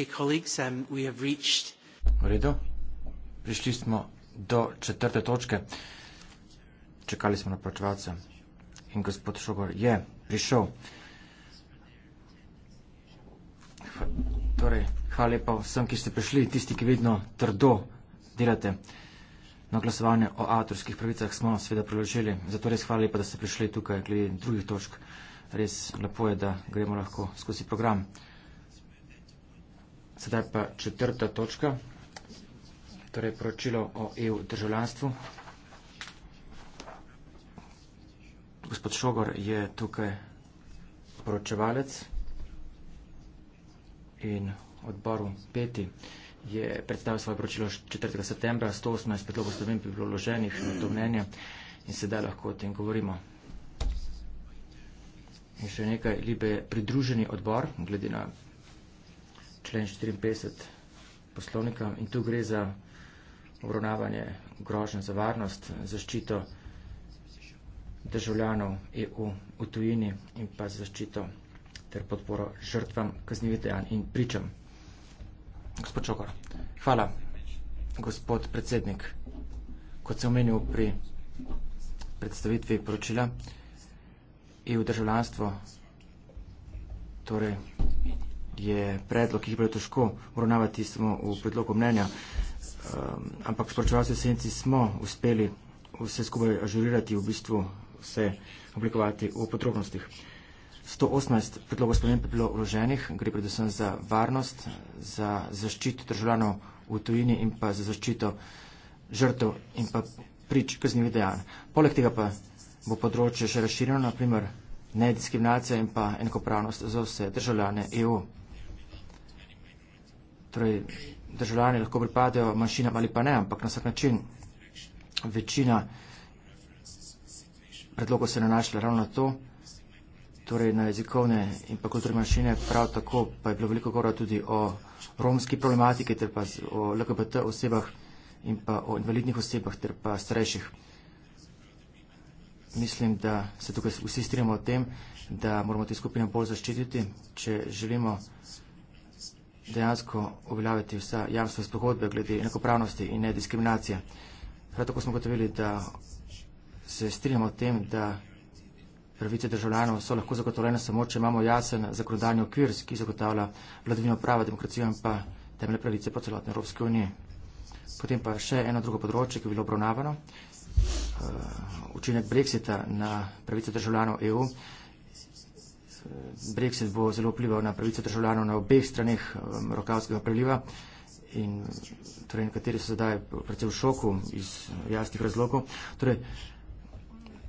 Okay, colleagues, um, we have reached... V redu. Prišli smo do četrte točke. Čakali smo na plačevalce. In gospod Šogor je prišel. Torej, hvala lepa vsem, ki ste prišli, tisti, ki vedno trdo delate. Na glasovanje o avtorskih pravicah smo sveda priložili, zato res hvala lepa, da ste prišli tukaj glede drugih točk. Res lepo je, da gremo lahko skozi program. Sedaj pa četrta točka, torej poročilo o EU državljanstvu. Gospod Šogor je tukaj poročevalec in odboru peti je predstavil svoje poročilo 4. septembra, 118 predlogov slovim bi bilo vloženih na to mnenje in sedaj lahko o tem govorimo. In še nekaj, Libe, pridruženi odbor, glede na člen 54 poslovnika in tu gre za obravnavanje grožen za varnost, zaščito državljanov EU v tujini in pa zaščito ter podporo žrtvam kaznjivih dejanj in pričam. Gospod Čokor, hvala, gospod predsednik. Kot sem omenil pri predstavitvi poročila, EU državljanstvo, torej je predlog, ki jih bo težko obravnavati samo v predlogu mnenja. Um, ampak sporočevalci v senci smo uspeli vse skupaj ažurirati, v bistvu vse oblikovati v podrobnostih. 118 predlogov spremembe bilo vloženih, gre predvsem za varnost, za zaščito državljanov v tujini in pa za zaščito žrtev in pa prič kaznjivih dejanj. Poleg tega pa bo področje še razširjeno, naprimer nediskriminacija in pa enakopravnost za vse državljane EU torej državljani lahko pripadajo manjšinam ali pa ne, ampak na vsak način večina predlogov se nanašala ravno na to, torej na jezikovne in pa kulturne manjšine, prav tako pa je bilo veliko govora tudi o romski problematiki ter pa o LGBT osebah in pa o invalidnih osebah ter pa starejših. Mislim, da se tukaj vsi strinjamo o tem, da moramo te skupine bolj zaščititi, če želimo dejansko uveljaviti vsa jamstva iz pogodbe glede enakopravnosti in nediskriminacije. Prav tako smo gotovili, da se strinjamo v tem, da pravice državljanov so lahko zagotovljene samo, če imamo jasen zakonodajni okvir, ki zagotavlja vladavino prava, demokracijo in pa temeljne pravice po celotni Evropski uniji. Potem pa še eno drugo področje, ki je bilo obravnavano, eh, učinek Brexita na pravice državljanov EU. Brexit bo zelo vplival na pravico državljanov na obeh straneh um, Rokavskega preliva in torej, nekateri so zdaj predvsem v šoku iz uh, jasnih razlogov. Torej,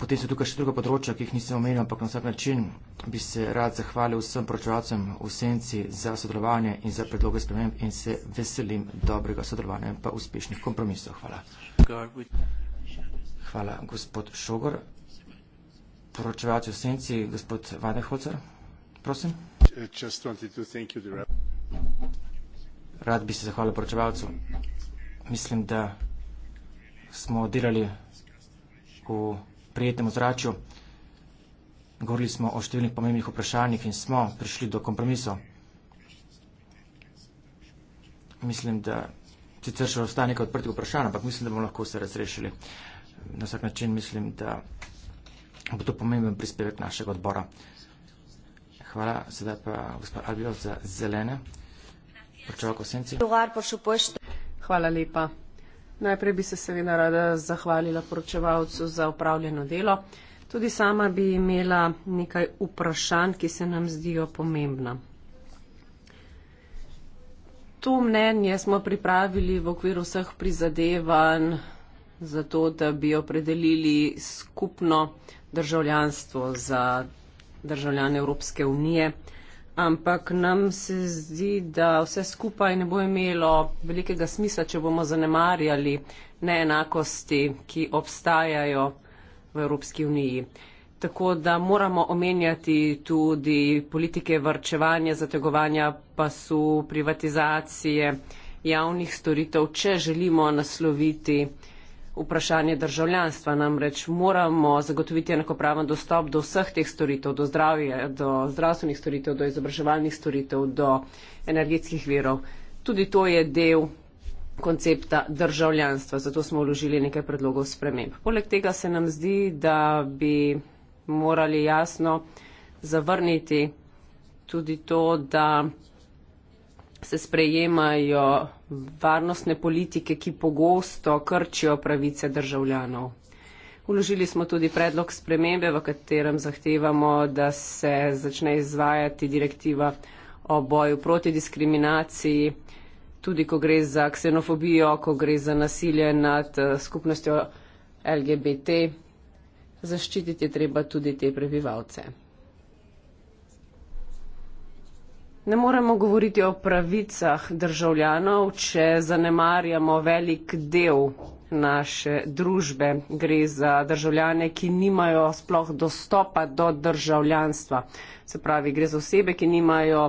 potem so tukaj še druga področja, ki jih nisem omenil, ampak na vsak način bi se rad zahvalil vsem pročevalcem v senci za sodelovanje in za predloge sprememb in se veselim dobrega sodelovanja in pa uspešnih kompromisov. Hvala. Hvala, gospod Šogor poročevalci v senci, gospod Vadenholzer, prosim. Rad bi se zahvalil poročevalcu. Mislim, da smo delali v prijetnem ozračju. Govorili smo o številnih pomembnih vprašanjih in smo prišli do kompromiso. Mislim, da sicer še ostane nekaj odprtih vprašanj, ampak mislim, da bomo lahko vse razrešili. Na vsak način mislim, da bo to pomemben prispevek našega odbora. Hvala, sedaj pa gospa Albio za zelene. Hvala lepa. Najprej bi se seveda rada zahvalila poročevalcu za upravljeno delo. Tudi sama bi imela nekaj vprašanj, ki se nam zdijo pomembna. To mnenje smo pripravili v okviru vseh prizadevanj za to, da bi opredelili skupno državljanstvo za državljane Evropske unije, ampak nam se zdi, da vse skupaj ne bo imelo velikega smisla, če bomo zanemarjali neenakosti, ki obstajajo v Evropski uniji. Tako da moramo omenjati tudi politike vrčevanja, zategovanja pasu, privatizacije javnih storitev, če želimo nasloviti vprašanje državljanstva. Namreč moramo zagotoviti enakopraven dostop do vseh teh storitev, do zdravja, do zdravstvenih storitev, do izobraževalnih storitev, do energetskih verov. Tudi to je del koncepta državljanstva, zato smo vložili nekaj predlogov sprememb. Poleg tega se nam zdi, da bi morali jasno zavrniti tudi to, da se sprejemajo varnostne politike, ki pogosto krčijo pravice državljanov. Uložili smo tudi predlog spremembe, v katerem zahtevamo, da se začne izvajati direktiva o boju proti diskriminaciji, tudi ko gre za ksenofobijo, ko gre za nasilje nad eh, skupnostjo LGBT. Zaščititi je treba tudi te prebivalce. Ne moremo govoriti o pravicah državljanov, če zanemarjamo velik del naše družbe. Gre za državljane, ki nimajo sploh dostopa do državljanstva. Se pravi, gre za osebe, ki nimajo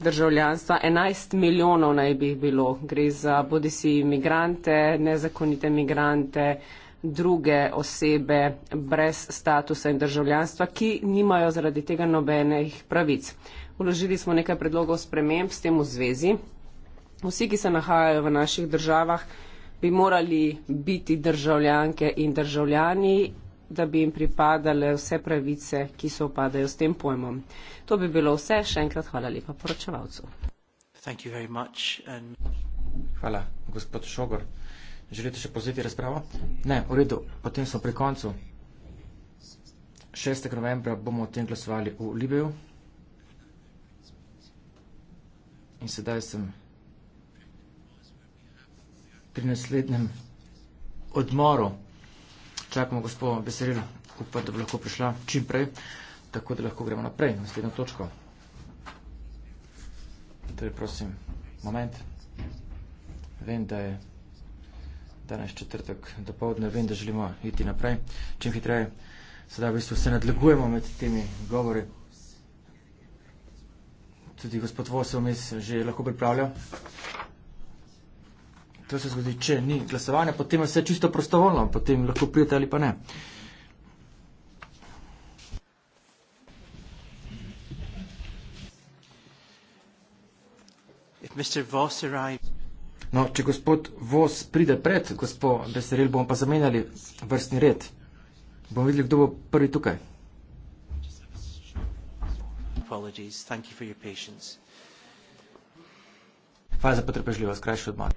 državljanstva. 11 milijonov naj bi jih bilo. Gre za bodisi imigrante, nezakonite imigrante, druge osebe brez statusa in državljanstva, ki nimajo zaradi tega nobenih pravic. Uložili smo nekaj predlogov sprememb s tem v zvezi. Vsi, ki se nahajajo v naših državah, bi morali biti državljanke in državljani, da bi jim pripadale vse pravice, ki se upadajo s tem pojmom. To bi bilo vse. Še enkrat hvala lepa poročevalcu. Hvala, gospod Šogor. Želite še pozeti razpravo? Ne, v redu, potem smo pri koncu. 6. novembra bomo o tem glasovali v Libiju. In sedaj sem pri naslednjem odmoru. Čakamo gospod Beserila, upam, da bo lahko prišla čim prej, tako da lahko gremo naprej, na naslednjo točko. Torej, prosim, moment. Vem, da je danes četrtek do povdne, vem, da želimo iti naprej, čim hitreje. Sedaj v bistvu se nadlegujemo med temi govori. Tudi gospod Vosomis že lahko pripravlja. To se zgodi, če ni glasovanja, potem je vse čisto prostovoljno, potem lahko prijete ali pa ne. If Mr. Voss arrives... No, če gospod Vos pride pred, gospod Besaril, bomo pa zamenjali vrstni red. Bomo videli, kdo bo prvi tukaj. Hvala za potrpežljivost, krajši odmor.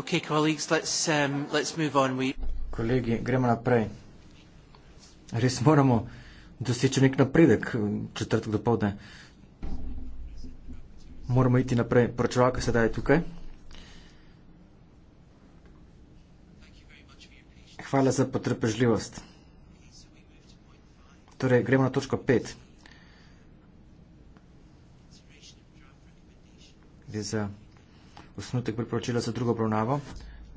Okay, colleagues, let's, um, let's move on. We... Kolegi, gremo naprej. Res moramo doseči nek napredek eh, četrtek do povdne. Moramo iti naprej. Poročevalka sedaj je tukaj. Hvala za potrpežljivost. Torej, gremo na točko 5. Gre za osnutek priporočila za drugo obravnavo,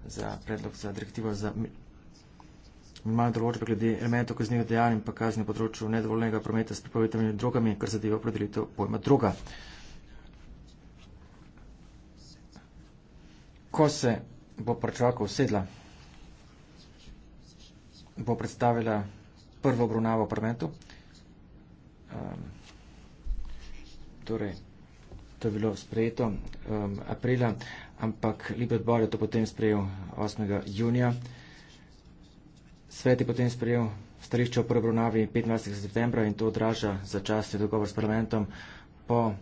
za predlog za direktivo za minimalne določbe glede elementov kaznjivih dejanj in pa kazni na področju nedovoljenega prometa s prepovedanimi drogami, kar zadeva opredelitev pojma droga. Ko se bo pričakov usedla, bo predstavila prvo obravnavo v parlamentu. Um, torej, to je bilo sprejeto um, aprila, ampak Libe odbor je to potem sprejel 8. junija. Svet je potem sprejel starišče o prvi obravnavi 25. septembra in to odraža začasni dogovor s parlamentom po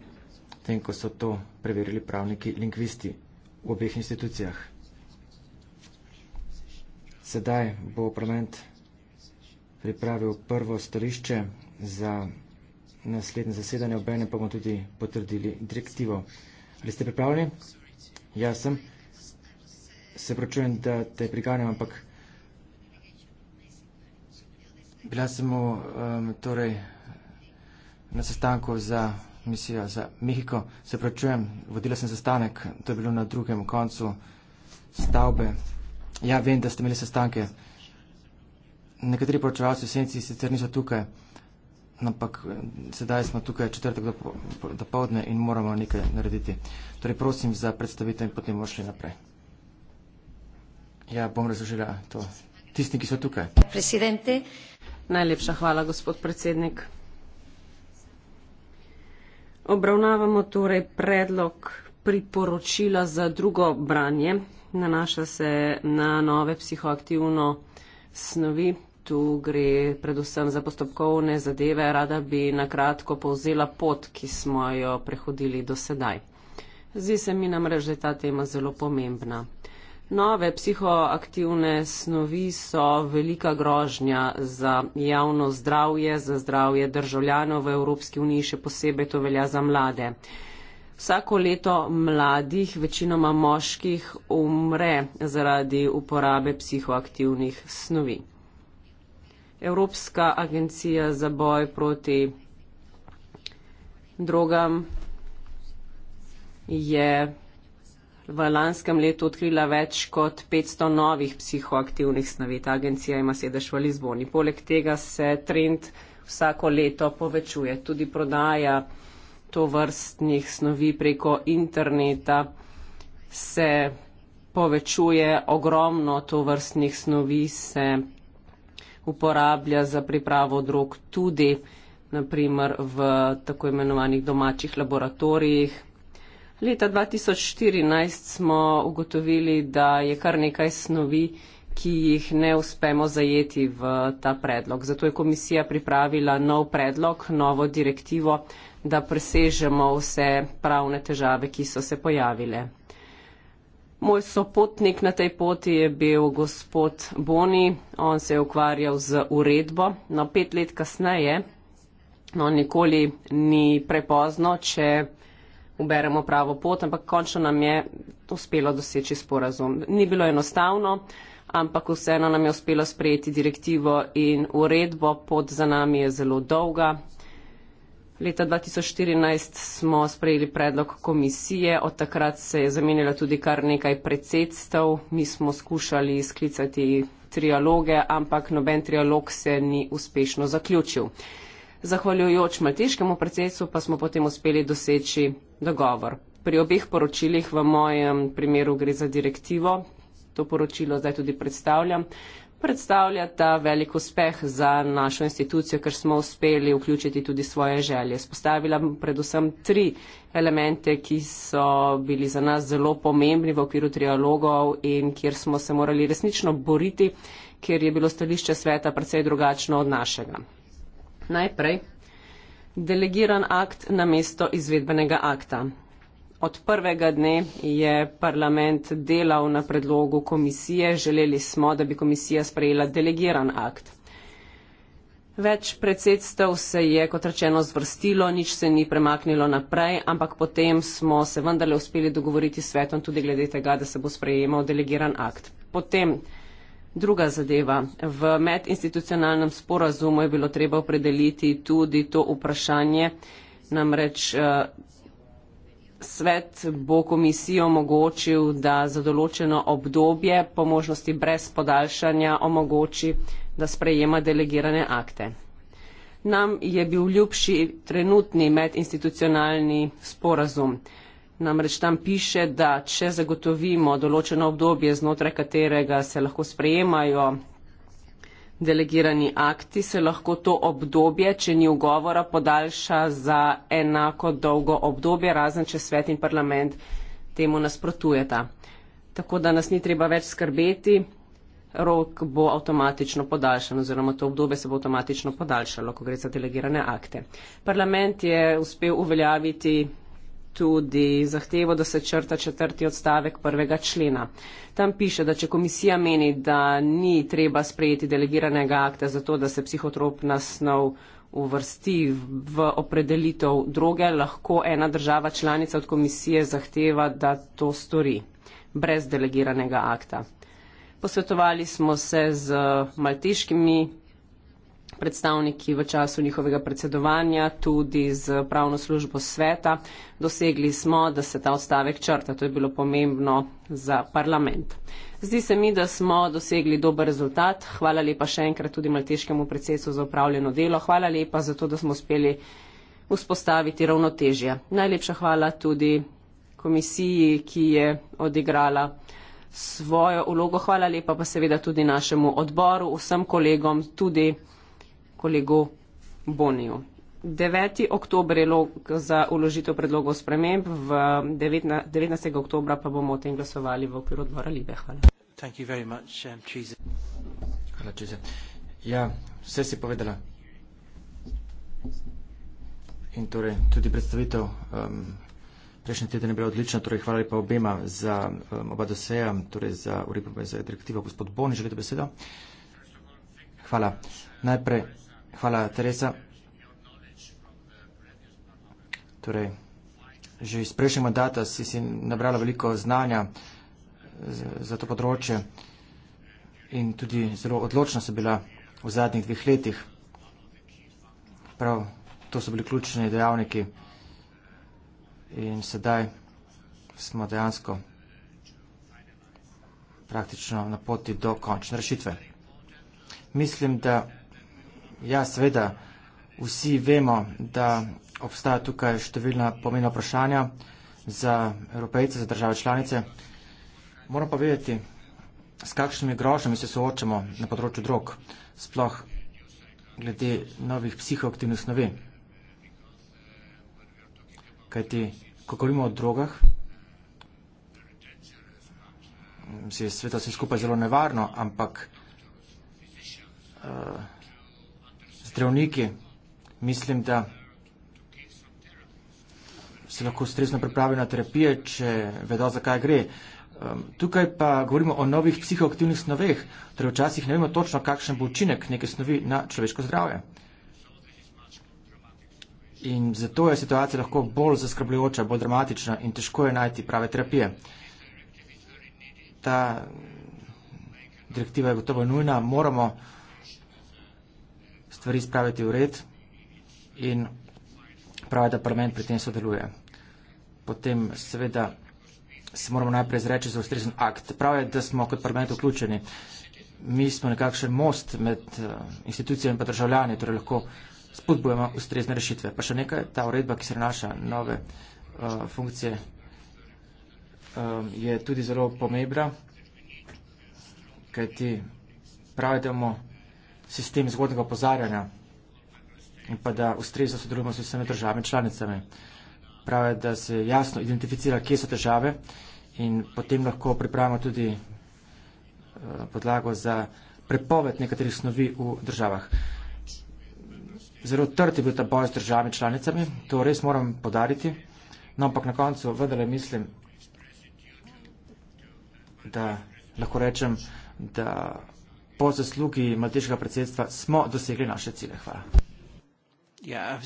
tem, ko so to preverili pravniki lingvisti v obeh institucijah. Sedaj bo parlament pripravil prvo stališče za naslednje zasedanje, obene pa bomo tudi potrdili direktivo. Ali ste pripravljeni? Jaz sem. Se pročujem, da te priganjam, ampak bila sem v, um, torej, na sestanku za misijo za Mehiko. Se pročujem, vodila sem sestanek, to je bilo na drugem koncu stavbe. Ja, vem, da ste imeli sestanke. Nekateri poročevalci v senci sicer niso tukaj ampak eh, sedaj smo tukaj četrtek do povdne in moramo nekaj narediti. Torej prosim za predstavitev in potem bomo šli naprej. Ja, bom razložila to. Tisti, ki so tukaj. Presidente. Najlepša hvala, gospod predsednik. Obravnavamo torej predlog priporočila za drugo branje. Nanaša se na nove psihoaktivno snovi tu gre predvsem za postopkovne zadeve, rada bi nakratko povzela pot, ki smo jo prehodili do sedaj. Zdi se mi namreč, da je ta tema zelo pomembna. Nove psihoaktivne snovi so velika grožnja za javno zdravje, za zdravje državljanov v Evropski uniji, še posebej to velja za mlade. Vsako leto mladih, večinoma moških, umre zaradi uporabe psihoaktivnih snovi. Evropska agencija za boj proti drogam je v lanskem letu odkrila več kot 500 novih psihoaktivnih snovi. Ta agencija ima sedež v Lizboni. Poleg tega se trend vsako leto povečuje. Tudi prodaja to vrstnih snovi preko interneta se povečuje. Ogromno to vrstnih snovi se uporablja za pripravo drog tudi naprimer v tako imenovanih domačih laboratorijih. Leta 2014 smo ugotovili, da je kar nekaj snovi, ki jih ne uspemo zajeti v ta predlog. Zato je komisija pripravila nov predlog, novo direktivo, da presežemo vse pravne težave, ki so se pojavile. Moj sopotnik na tej poti je bil gospod Boni, on se je ukvarjal z uredbo. No, pet let kasneje, no, nikoli ni prepozno, če uberemo pravo pot, ampak končno nam je uspelo doseči sporazum. Ni bilo enostavno, ampak vseeno nam je uspelo sprejeti direktivo in uredbo. Pot za nami je zelo dolga, Leta 2014 smo sprejeli predlog komisije, od takrat se je zamenjalo tudi kar nekaj predsedstv. Mi smo skušali sklicati trialoge, ampak noben trialog se ni uspešno zaključil. Zahvaljujoč malteškemu predsedstvu pa smo potem uspeli doseči dogovor. Pri obeh poročilih v mojem primeru gre za direktivo. To poročilo zdaj tudi predstavljam predstavlja ta velik uspeh za našo institucijo, ker smo uspeli vključiti tudi svoje želje. Spostavila predvsem tri elemente, ki so bili za nas zelo pomembni v okviru trialogov in kjer smo se morali resnično boriti, ker je bilo stališče sveta precej drugačno od našega. Najprej, delegiran akt na mesto izvedbenega akta. Od prvega dne je parlament delal na predlogu komisije. Želeli smo, da bi komisija sprejela delegiran akt. Več predsedstev se je, kot rečeno, zvrstilo, nič se ni premaknilo naprej, ampak potem smo se vendarle uspeli dogovoriti s svetom tudi glede tega, da se bo sprejemal delegiran akt. Potem druga zadeva. V medinstitucionalnem sporazumu je bilo treba opredeliti tudi to vprašanje, namreč eh, svet bo komisijo omogočil, da za določeno obdobje po možnosti brez podaljšanja omogoči, da sprejema delegirane akte. Nam je bil ljubši trenutni medinstitucionalni sporazum. Namreč tam piše, da če zagotovimo določeno obdobje, znotraj katerega se lahko sprejemajo delegirani akti, se lahko to obdobje, če ni ugovora, podaljša za enako dolgo obdobje, razen če svet in parlament temu nasprotujeta. Tako da nas ni treba več skrbeti, rok bo avtomatično podaljšan oziroma to obdobje se bo avtomatično podaljšalo, ko gre za delegirane akte. Parlament je uspel uveljaviti tudi zahtevo, da se črta četrti odstavek prvega člena. Tam piše, da če komisija meni, da ni treba sprejeti delegiranega akta za to, da se psihotropna snov uvrsti v opredelitev droge, lahko ena država članica od komisije zahteva, da to stori brez delegiranega akta. Posvetovali smo se z maltiškimi predstavniki v času njihovega predsedovanja, tudi z pravno službo sveta. Dosegli smo, da se ta odstavek črta. To je bilo pomembno za parlament. Zdi se mi, da smo dosegli dober rezultat. Hvala lepa še enkrat tudi malteškemu predsedstvu za upravljeno delo. Hvala lepa za to, da smo uspeli vzpostaviti ravnotežje. Najlepša hvala tudi komisiji, ki je odigrala svojo ulogo. Hvala lepa pa seveda tudi našemu odboru, vsem kolegom, tudi kolegu Boniju. 9. oktober je log za uložitev predlogov sprememb, 19. oktober pa bomo o tem glasovali v okviru odbora Libe. Hvala. Um, hvala, Čize. Ja, vse si povedala. In torej tudi predstavitev um, prejšnje tedne je bila odlična, torej hvala lepa obema za um, oba doseja, torej za uredbo in za direktivo. Gospod Boni, želite besedo? Hvala. Najprej. Hvala, Teresa. Torej, že iz prejšnjega mandata si si nabrala veliko znanja za to področje in tudi zelo odločna si bila v zadnjih dveh letih. Prav, to so bili ključni dejavniki in sedaj smo dejansko praktično na poti do končne rešitve. Mislim, da Ja, seveda, vsi vemo, da obstaja tukaj številna pomena vprašanja za evropejce, za države članice. Moram pa vedeti, s kakšnimi grožnjami se soočamo na področju drog, sploh glede novih psihoaktivnih snovi. Kajti, ko govorimo o drogah, se je sveta vse skupaj zelo nevarno, ampak uh, zdravniki, mislim, da se lahko ustrezno pripravijo na terapije, če vedo, zakaj gre. Ehm, tukaj pa govorimo o novih psihoaktivnih snoveh, torej včasih ne vemo točno, kakšen bo učinek neke snovi na človeško zdravje. In zato je situacija lahko bolj zaskrbljujoča, bolj dramatična in težko je najti prave terapije. Ta direktiva je gotovo nujna, moramo stvari spraviti v red in pravi, da parlament pri tem sodeluje. Potem seveda se moramo najprej izreči za ustrezen akt. Prav je, da smo kot parlament vključeni. Mi smo nekakšen most med eh, institucijami in državljani, torej lahko spodbujamo ustrezne rešitve. Pa še nekaj, ta uredba, ki se nanaša nove uh, funkcije, um, je tudi zelo pomembna, kajti pravi, da bomo sistem zgodnega opozarjanja in pa da ustrezno sodelujemo s vsemi državami članicami. Prav je, da se jasno identificira, kje so države in potem lahko pripravimo tudi eh, podlago za prepoved nekaterih snovi v državah. Zelo trd je bil ta boj z državami članicami, to res moram podariti, no ampak na koncu vendarle mislim, da lahko rečem, da po zaslugi maltežega predsedstva smo dosegli naše cilje. Hvala. Ja,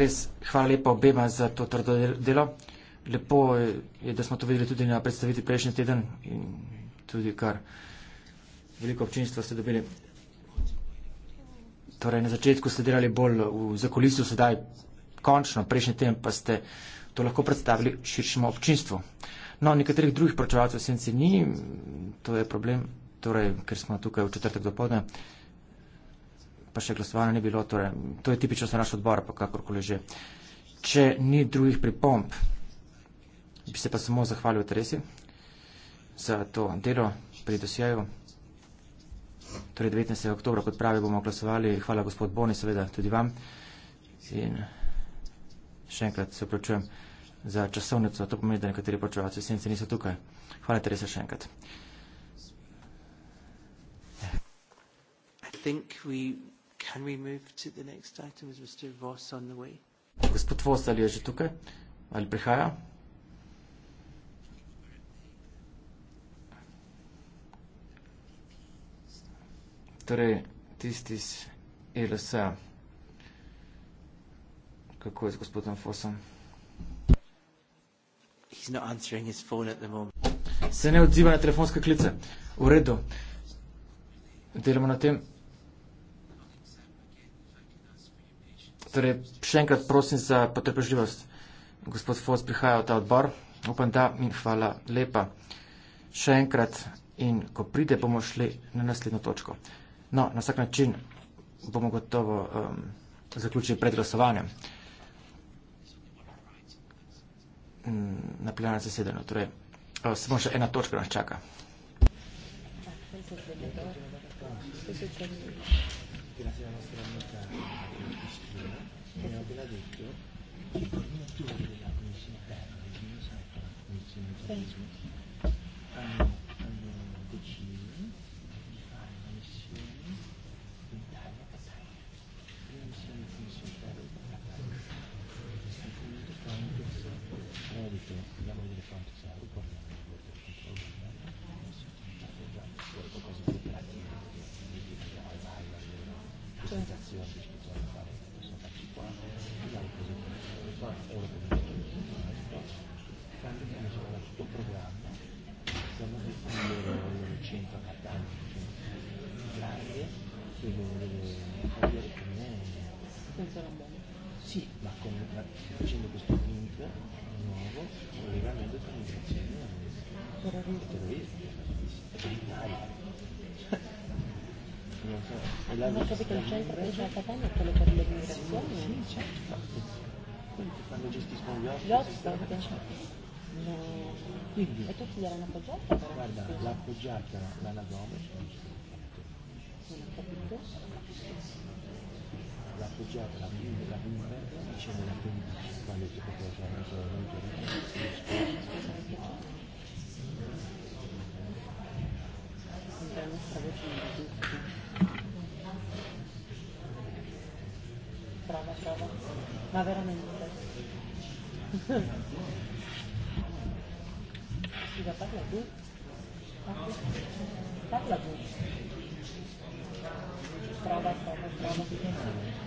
res, hvala lepa obema za to trdo delo. Lepo je, da smo to videli tudi na predstaviti prejšnji teden in tudi kar veliko občinstva ste dobili. Torej, na začetku ste delali bolj v zakolisu, sedaj končno, prejšnji teden pa ste to lahko predstavili širšemu občinstvu. No, nekaterih drugih poročevalcev senci ni, to je problem, torej, ker smo tukaj v četrtek do podne, pa še glasovanja ni bilo, torej, to je tipično za naš odbor, pa kakorkoli že. Če ni drugih pripomp, bi se pa samo zahvalil Teresi za to delo pri dosjeju. Torej, 19. oktober, kot pravi, bomo glasovali. Hvala, gospod Boni, seveda tudi vam. In še enkrat se opravičujem za časovnico. To pomeni, da nekateri počevalci sence niso tukaj. Hvala, Teresa, še enkrat. Gospod Vos, ali je že tukaj? Ali prihaja? Torej, tisti iz ELS-a, kako je z gospodom Fosom? Se ne odziva na telefonske klice. V redu. Delamo na tem. Torej, še enkrat prosim za potrpežljivost. Gospod Fos prihaja v ta odbor. Upam, da in hvala lepa. Še enkrat in ko pride, bomo šli na naslednjo točko. No, na vsak način bomo gotovo um, zaključili pred glasovanjem. Mm, na plenarnem zasedanju. Torej, eh, samo še ena točka nas čaka. Thank you. funziona bene. Sì, ma con, facendo questo link nuovo, legamento tra l'immigrazione e terrorismo. Il terrorismo è in Italia. Non so, è la Non so perché non c'è il problema della Catania, è quello per l'immigrazione. Sì, sì, certo. Quelli che fanno gestiscono gli hotspot. Gli hotspot, certo. No. Quindi, e tutti gli erano appoggiati? Guarda, l'ha appoggiata l'anagoma. Non ho capito rappoggiata la fine della vita e c'è nella vita quando si può fare solo la vita brava brava ma veramente scusa parla tu parla tu brava brava brava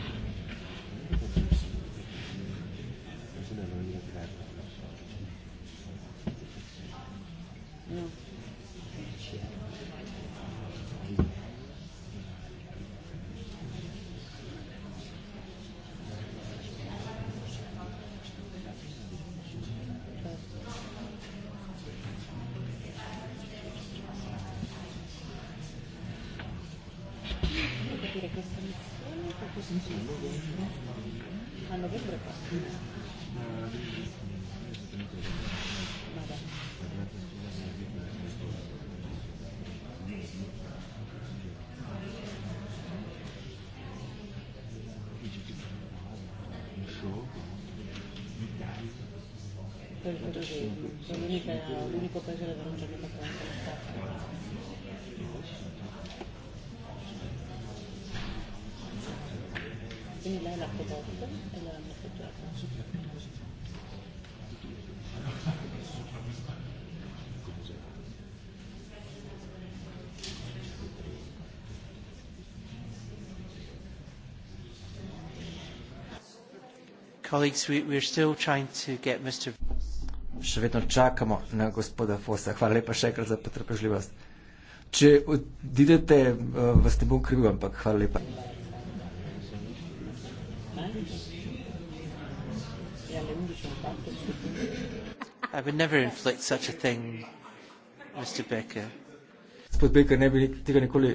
Quindi lei l'ha proposta? E Colleagues, we, we're still trying to get Mr. Še vedno čakamo na gospoda Fosa. Hvala lepa še enkrat za potrpežljivost. Če odidete, eh, vas ne bom krivil, ampak hvala lepa. Hvala. I would never inflict such a thing, Mr. Baker. Gospod Baker ne bi tega nikoli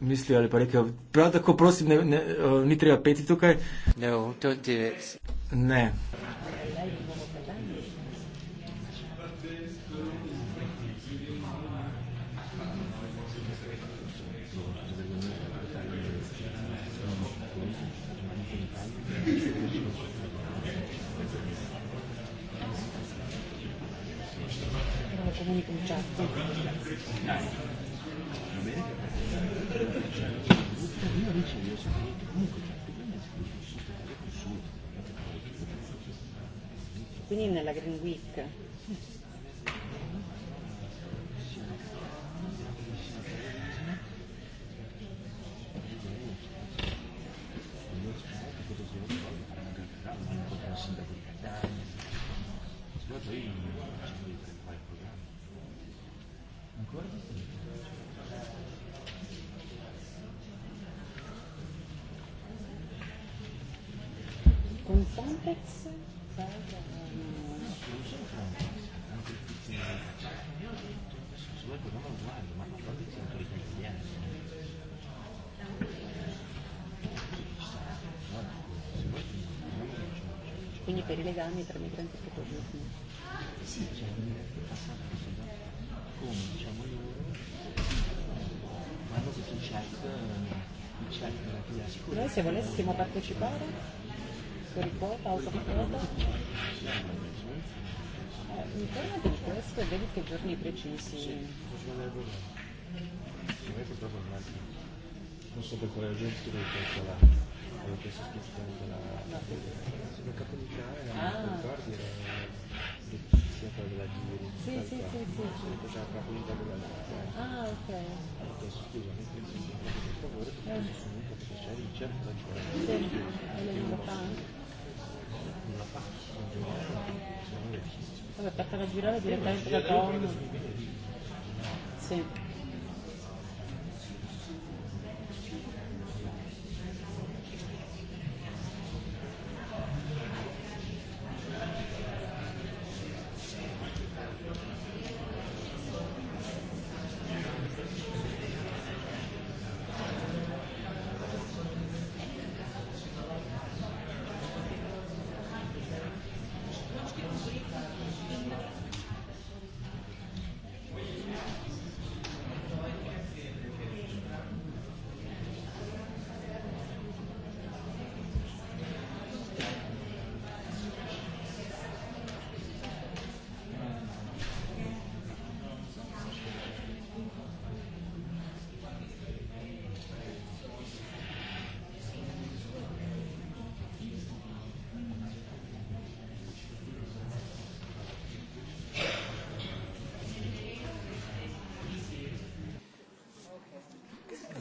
mislil ali pa rekel. Prav tako prosim, ne, ne, eh, ni treba peti tukaj. No, don't do it. Ne. ni konča. Quindi nella Green Week. per i legami tra migranti e popoli sì. come diciamo loro quando c'è il check il check della tua sicurezza noi se volessimo partecipare per il quota autoquota eh, informati di questo e vedi che giorni precisi sì. non so per quale agente tu devi calcolare quello che si spostò della capunità era ricordi era l'epizia quella della giri sì sì sì sì c'era la capunità della giri ah ok allora si spiega nel senso che per favore perché c'è il certo da giocare sì è la fa la fa vabbè per far girare direttamente la donna sì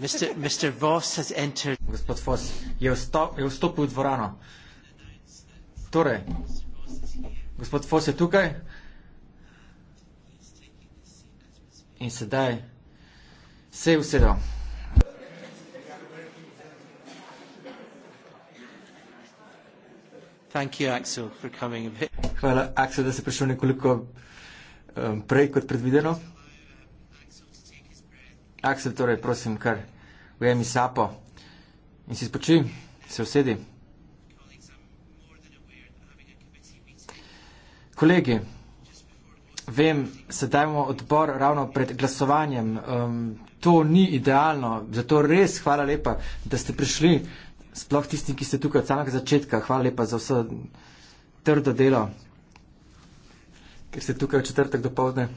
Mr. Voss has entered. Gospod Voss je, vstop, je vstopil v dvorano. Torej, gospod Voss je tukaj. In sedaj se je usedel. Thank you, Axel, for coming a bit. Hvala, Axel, da si prišel nekoliko um, prej kot predvideno. Axel, torej, prosim, kar ujemi sapo in si spoči, se usedi. Kolegi, vem, sedaj imamo odbor ravno pred glasovanjem. Um, to ni idealno, zato res hvala lepa, da ste prišli, sploh tisti, ki ste tukaj od samega začetka. Hvala lepa za vse trdo delo, ker ste tukaj v četrtek do povdne.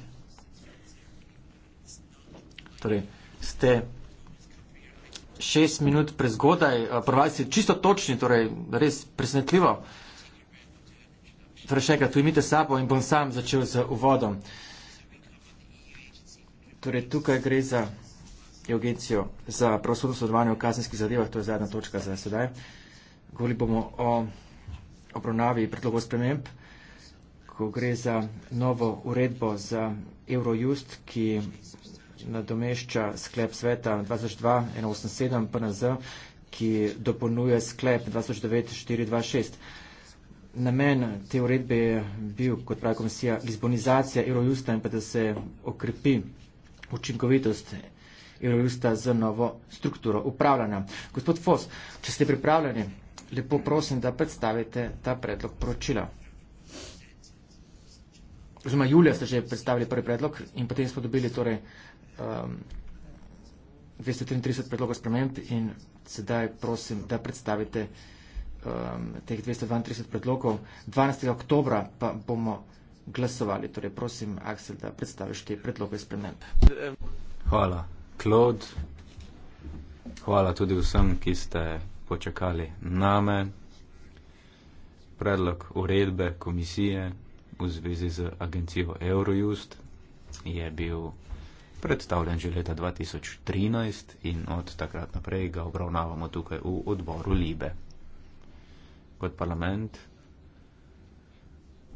Torej, ste šest minut prezgodaj, eh, prvaj si čisto točni, torej res presnetljivo. Torej še enkrat, tu imite sapo in bom sam začel z uvodom. Torej tukaj gre za Evgencijo za pravosodno sodelovanje v kazenskih zadevah, to je zadnja točka za sedaj. Govorili bomo o obravnavi predlogov sprememb, ko gre za novo uredbo za Eurojust, ki nadomešča sklep sveta 2002-187 PNZ, ki dopolnjuje sklep 2009-426. Namen te uredbe je bil, kot pravi komisija, izbonizacija Eurojusta in pa da se okrepi učinkovitost Eurojusta z novo strukturo upravljanja. Gospod Fos, če ste pripravljeni, lepo prosim, da predstavite ta predlog poročila. Oziroma, julija ste že predstavili prvi predlog in potem smo dobili torej um, 233 predlogov sprememb in sedaj prosim, da predstavite um, teh 232 predlogov. 12. oktober pa bomo glasovali. Torej, prosim, Aksel, da predstaviš te predloge sprememb. Hvala, Klod. Hvala tudi vsem, ki ste počakali name. Predlog uredbe komisije v zvezi z agencijo Eurojust je bil predstavljen že leta 2013 in od takrat naprej ga obravnavamo tukaj v odboru Libe. Kot parlament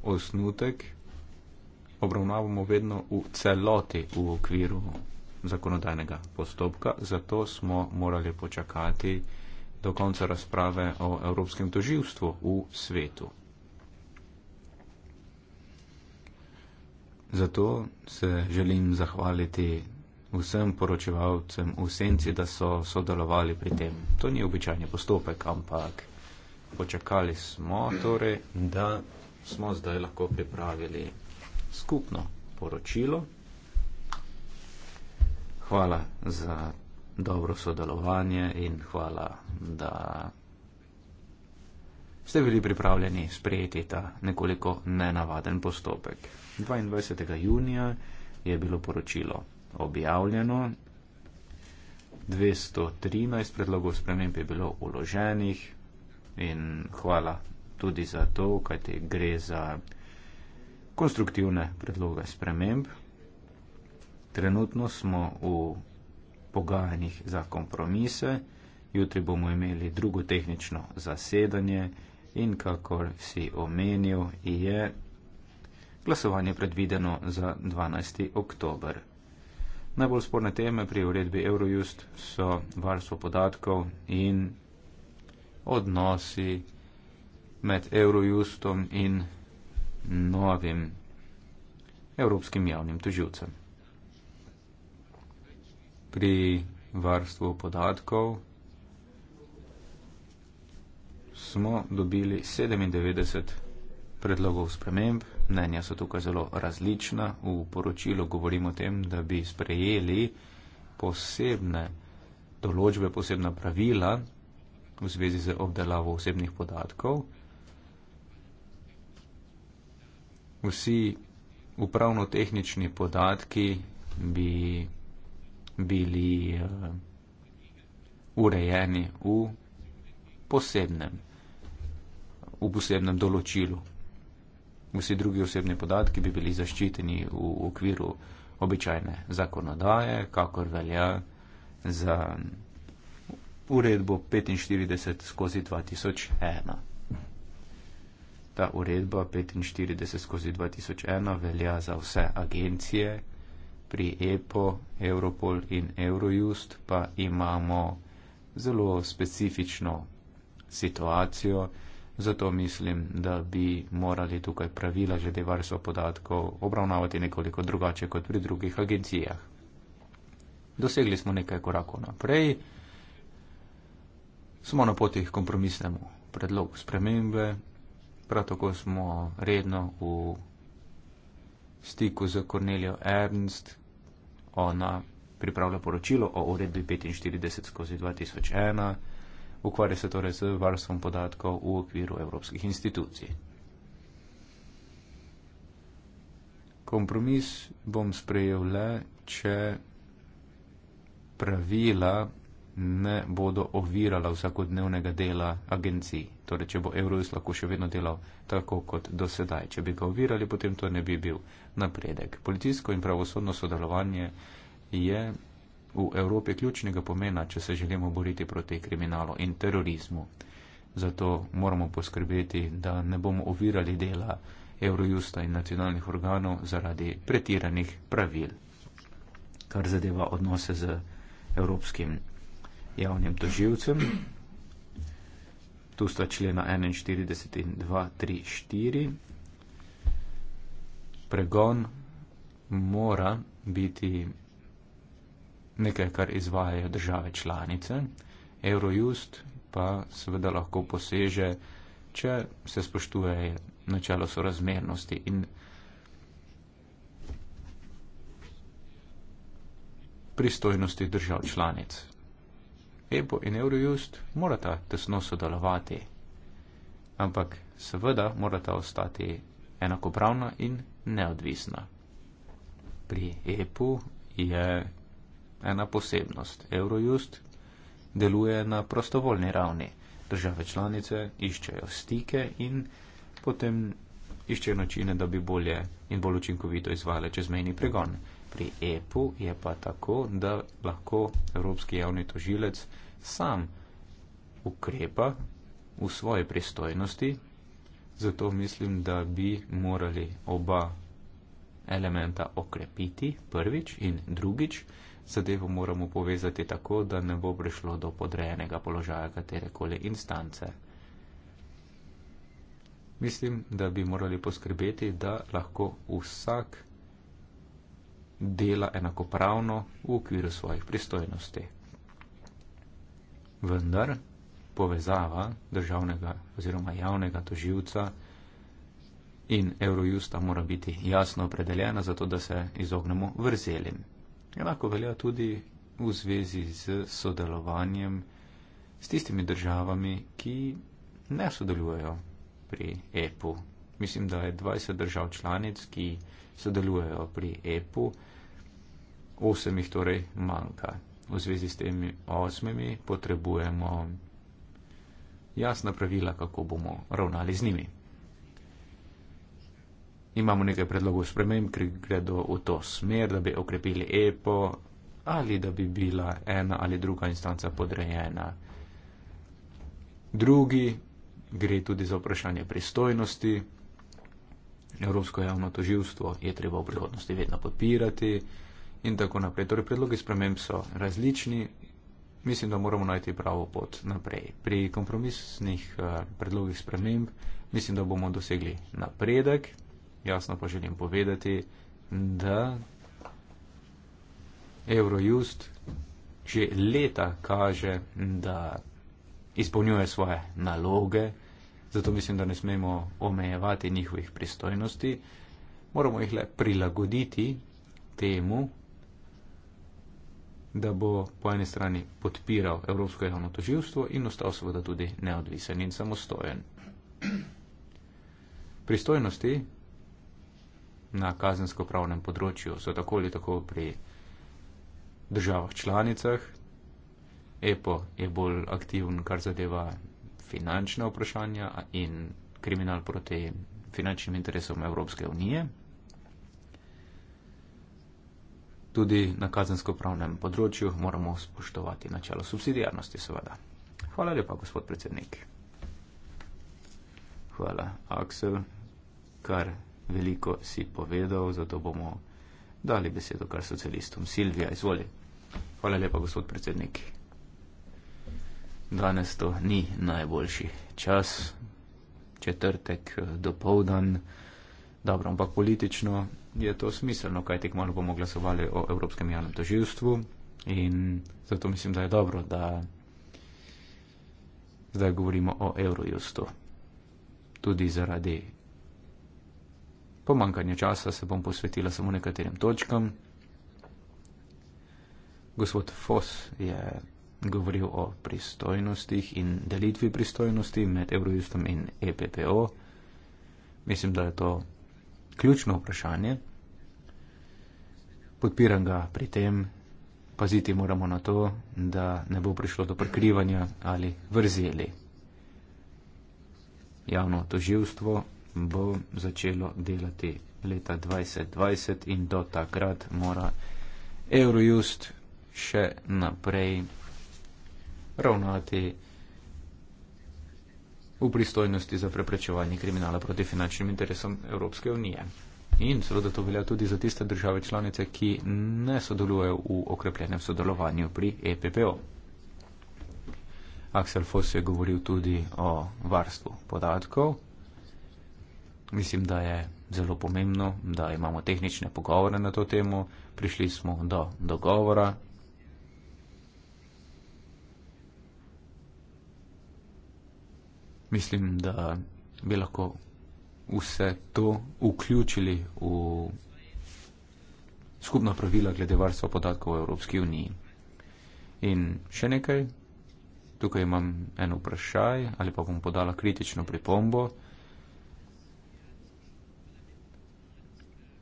osnutek obravnavamo vedno v celoti v okviru zakonodajnega postopka, zato smo morali počakati do konca razprave o evropskem toživstvu v svetu. Zato se želim zahvaliti vsem poročevalcem v senci, da so sodelovali pri tem. To ni običajni postopek, ampak počakali smo, torej, da smo zdaj lahko pripravili skupno poročilo. Hvala za dobro sodelovanje in hvala, da ste bili pripravljeni sprejeti ta nekoliko nenavaden postopek. 22. junija je bilo poročilo objavljeno, 213 predlogov sprememb je bilo uloženih in hvala tudi za to, kajte gre za konstruktivne predloge sprememb. Trenutno smo v pogajanjih za kompromise, jutri bomo imeli drugo tehnično zasedanje in kakor si omenil, je Glasovanje predvideno za 12. oktober. Najbolj sporne teme pri uredbi Eurojust so varstvo podatkov in odnosi med Eurojustom in novim Evropskim javnim tužilcem. Pri varstvu podatkov smo dobili 97 predlogov sprememb, Mnenja so tukaj zelo različna. V poročilu govorimo o tem, da bi sprejeli posebne določbe, posebna pravila v zvezi z obdelavo osebnih podatkov. Vsi upravno-tehnični podatki bi bili eh, urejeni v posebnem, v posebnem določilu vsi drugi osebni podatki bi bili zaščiteni v okviru običajne zakonodaje, kakor velja za uredbo 45 skozi 2001. Ta uredba 45 skozi 2001 velja za vse agencije pri EPO, Europol in Eurojust, pa imamo zelo specifično situacijo, Zato mislim, da bi morali tukaj pravila glede varstva podatkov obravnavati nekoliko drugače kot pri drugih agencijah. Dosegli smo nekaj korakov naprej, smo na poti k kompromisnemu predlogu spremembe, prav tako smo redno v stiku z Kornelijo Ernst, ona pripravlja poročilo o uredbi 45 skozi 2001 ukvarja se torej z varstvom podatkov v okviru evropskih institucij. Kompromis bom sprejel le, če pravila ne bodo ovirala vsakodnevnega dela agencij. Torej, če bo Eurojust lahko še vedno delal tako kot do sedaj. Če bi ga ovirali, potem to ne bi bil napredek. Policijsko in pravosodno sodelovanje je v Evropi ključnega pomena, če se želimo boriti proti kriminalu in terorizmu. Zato moramo poskrbeti, da ne bomo ovirali dela Eurojusta in nacionalnih organov zaradi pretiranih pravil, kar zadeva odnose z Evropskim javnim toživcem. Tu sta člena 41 in 234. Pregon mora biti nekaj, kar izvajajo države članice. Eurojust pa seveda lahko poseže, če se spoštuje načelo sorazmernosti. In pristojnosti držav članic. EPO in Eurojust morata tesno sodelovati, ampak seveda morata ostati enakopravna in neodvisna. Pri EPO je ena posebnost. Eurojust deluje na prostovoljni ravni. Države članice iščejo stike in potem iščejo načine, da bi bolje in bolj učinkovito izvale čezmejni pregon. Pri EPU je pa tako, da lahko Evropski javni tožilec sam ukrepa v svoje pristojnosti, zato mislim, da bi morali oba elementa okrepiti prvič in drugič zadevo moramo povezati tako, da ne bo prišlo do podrejenega položaja katerekoli instance. Mislim, da bi morali poskrbeti, da lahko vsak dela enakopravno v okviru svojih pristojnosti. Vendar povezava državnega oziroma javnega toživca in Eurojusta mora biti jasno opredeljena, zato da se izognemo vrzelim. Enako velja tudi v zvezi z sodelovanjem s tistimi državami, ki ne sodelujejo pri EPU. Mislim, da je 20 držav članic, ki sodelujejo pri EPU, 8 jih torej manjka. V zvezi s temi osmimi potrebujemo jasna pravila, kako bomo ravnali z njimi imamo nekaj predlogov sprememb, ki gredo v to smer, da bi okrepili EPO ali da bi bila ena ali druga instanca podrejena. Drugi gre tudi za vprašanje pristojnosti. Evropsko javno toživstvo je treba v prihodnosti vedno podpirati in tako naprej. Torej, predlogi sprememb so različni. Mislim, da moramo najti pravo pot naprej. Pri kompromisnih uh, predlogih sprememb mislim, da bomo dosegli napredek jasno pa želim povedati, da Eurojust že leta kaže, da izpolnjuje svoje naloge, zato mislim, da ne smemo omejevati njihovih pristojnosti, moramo jih le prilagoditi temu, da bo po eni strani podpiral Evropsko javno toživstvo in ostal seveda tudi neodvisen in samostojen. Pristojnosti na kazensko-pravnem področju so tako ali tako pri državah članicah. EPO je bolj aktiven, kar zadeva finančne vprašanja in kriminal proti finančnim interesom Evropske unije. Tudi na kazensko-pravnem področju moramo spoštovati načelo subsidijarnosti, seveda. Hvala lepa, gospod predsednik. Hvala, Aksel, kar veliko si povedal, zato bomo dali besedo kar socialistom. Silvija, izvoli. Hvala lepa, gospod predsednik. Danes to ni najboljši čas, četrtek eh, do povdan. Dobro, ampak politično je to smiselno, kaj tek malo bomo glasovali o Evropskem javnem toživstvu in zato mislim, da je dobro, da zdaj govorimo o Eurojustu. Tudi zaradi pomankanje časa se bom posvetila samo nekaterim točkam. Gospod Foss je govoril o pristojnostih in delitvi pristojnosti med Eurojustom in EPPO. Mislim, da je to ključno vprašanje. Podpiram ga pri tem. Paziti moramo na to, da ne bo prišlo do prekrivanja ali vrzeli. Javno toživstvo bo začelo delati leta 2020 in do takrat mora Eurojust še naprej ravnati v pristojnosti za preprečevanje kriminala proti finančnim interesom Evropske unije. In seveda to velja tudi za tiste države članice, ki ne sodelujejo v okrepljenem sodelovanju pri EPPO. Aksel Foss je govoril tudi o varstvu podatkov. Mislim, da je zelo pomembno, da imamo tehnične pogovore na to temo. Prišli smo do dogovora. Mislim, da bi lahko vse to vključili v skupna pravila glede varstva podatkov v Evropski uniji. In še nekaj, tukaj imam en vprašaj ali pa bom podala kritično pripombo.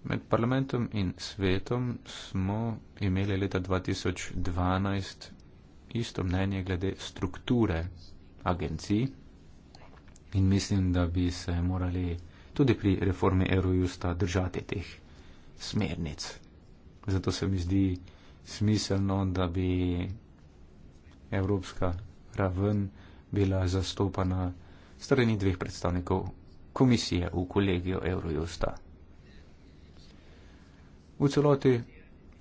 Med parlamentom in svetom smo imeli leta 2012 isto mnenje glede strukture agencij in mislim, da bi se morali tudi pri reformi Eurojusta držati teh smernic. Zato se mi zdi smiselno, da bi evropska raven bila zastopana strani dveh predstavnikov komisije v kolegijo Eurojusta. V celoti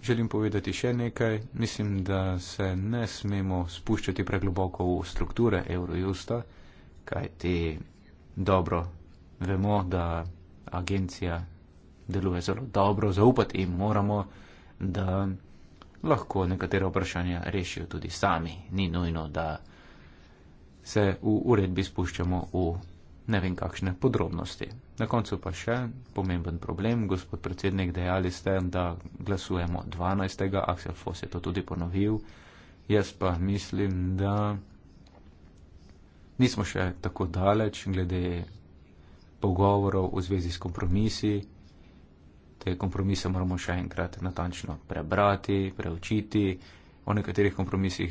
želim povedati še nekaj. Mislim, da se ne smemo spuščati pregloboko v strukture Eurojusta, kaj ti dobro vemo, da agencija deluje zelo dobro, zaupati jim moramo, da lahko nekatere vprašanja rešijo tudi sami. Ni nujno, da se v uredbi spuščamo v ne vem kakšne podrobnosti. Na koncu pa še pomemben problem. Gospod predsednik, dejali ste, da glasujemo 12. Aksel Fos je to tudi ponovil. Jaz pa mislim, da nismo še tako daleč glede pogovorov v zvezi s kompromisi. Te kompromise moramo še enkrat natančno prebrati, preučiti. O nekaterih kompromisih